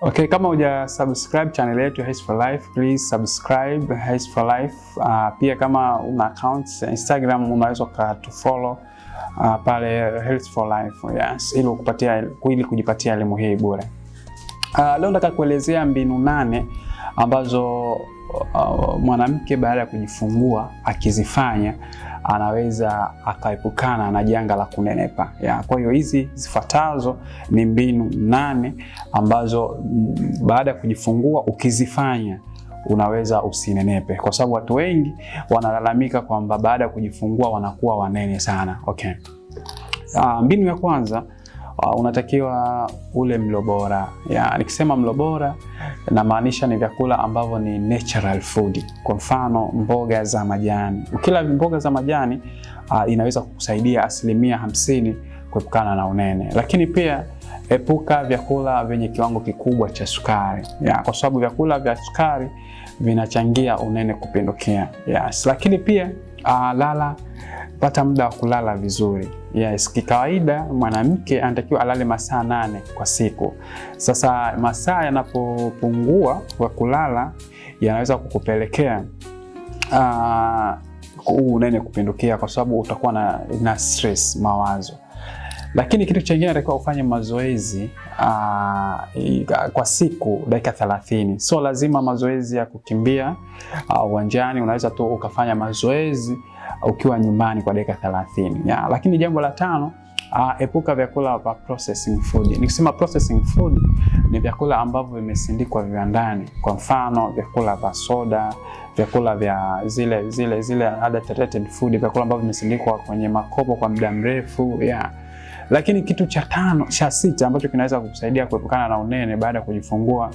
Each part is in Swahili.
Okay, kama uja subscribe channel yetu ya for Life, please subscribe Health for Life. Uh, pia kama una accounts Instagram unaweza ukatufollow uh, ah, pale Health for Life. Yes, ili kupatia ili kujipatia elimu hii bure. Uh, leo nataka kuelezea mbinu nane ambazo uh, mwanamke baada ya kujifungua akizifanya anaweza akaepukana na janga la kunenepa. Kwa hiyo hizi zifuatazo ni mbinu nane ambazo baada ya kujifungua ukizifanya unaweza usinenepe, kwa sababu watu wengi wanalalamika kwamba baada ya kujifungua wanakuwa wanene sana. Okay. Ah, mbinu ya kwanza Ah, unatakiwa ule mlo bora. Ya, nikisema mlo bora namaanisha ni vyakula ambavyo ni natural food. Kwa mfano mboga za majani, ukila mboga za majani uh, inaweza kukusaidia asilimia hamsini kuepukana na unene, lakini pia epuka vyakula vyenye kiwango kikubwa cha sukari ya, kwa sababu vyakula vya sukari vinachangia unene kupindukia. Yes. Lakini pia uh, lala pata muda wa kulala vizuri. Yes, kikawaida mwanamke anatakiwa alale masaa nane kwa siku. Sasa masaa yanapopungua kwa kulala yanaweza kukupelekea uh, ah, unene kupindukia, kwa sababu utakuwa na, na stress mawazo lakini kitu chengine natakiwa ufanye mazoezi aa, ah, kwa siku dakika thelathini. So lazima mazoezi ya kukimbia ah, uwanjani, unaweza tu ukafanya mazoezi ukiwa nyumbani kwa dakika thelathini. Lakini jambo la tano Uh, epuka vyakula vya processing food. Nikisema processing food ni vyakula ambavyo vimesindikwa viwandani, kwa mfano vyakula vya soda, vyakula vya zile zile zile adulterated food, vyakula ambavyo vimesindikwa kwenye makopo kwa muda mrefu yeah. Lakini kitu cha tano, cha sita ambacho kinaweza kukusaidia kuepukana na unene baada ya kujifungua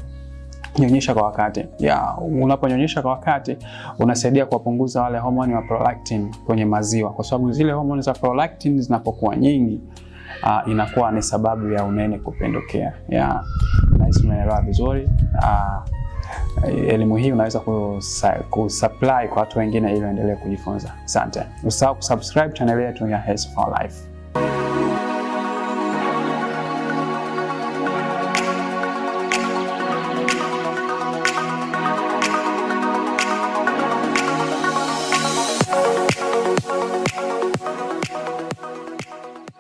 nyonyesha kwa wakati. Ya, unaponyonyesha kwa wakati unasaidia kuwapunguza wale homoni wa prolactin kwenye maziwa, kwa sababu zile homoni za prolactin zinapokuwa nyingi uh, inakuwa ni sababu ya unene kupindukia. Ya, nahisi umeelewa vizuri. Uh, elimu hii unaweza kusupply kwa watu wengine ili waendelee kujifunza. Asante, usahau kusubscribe channel yetu ya Health for Life.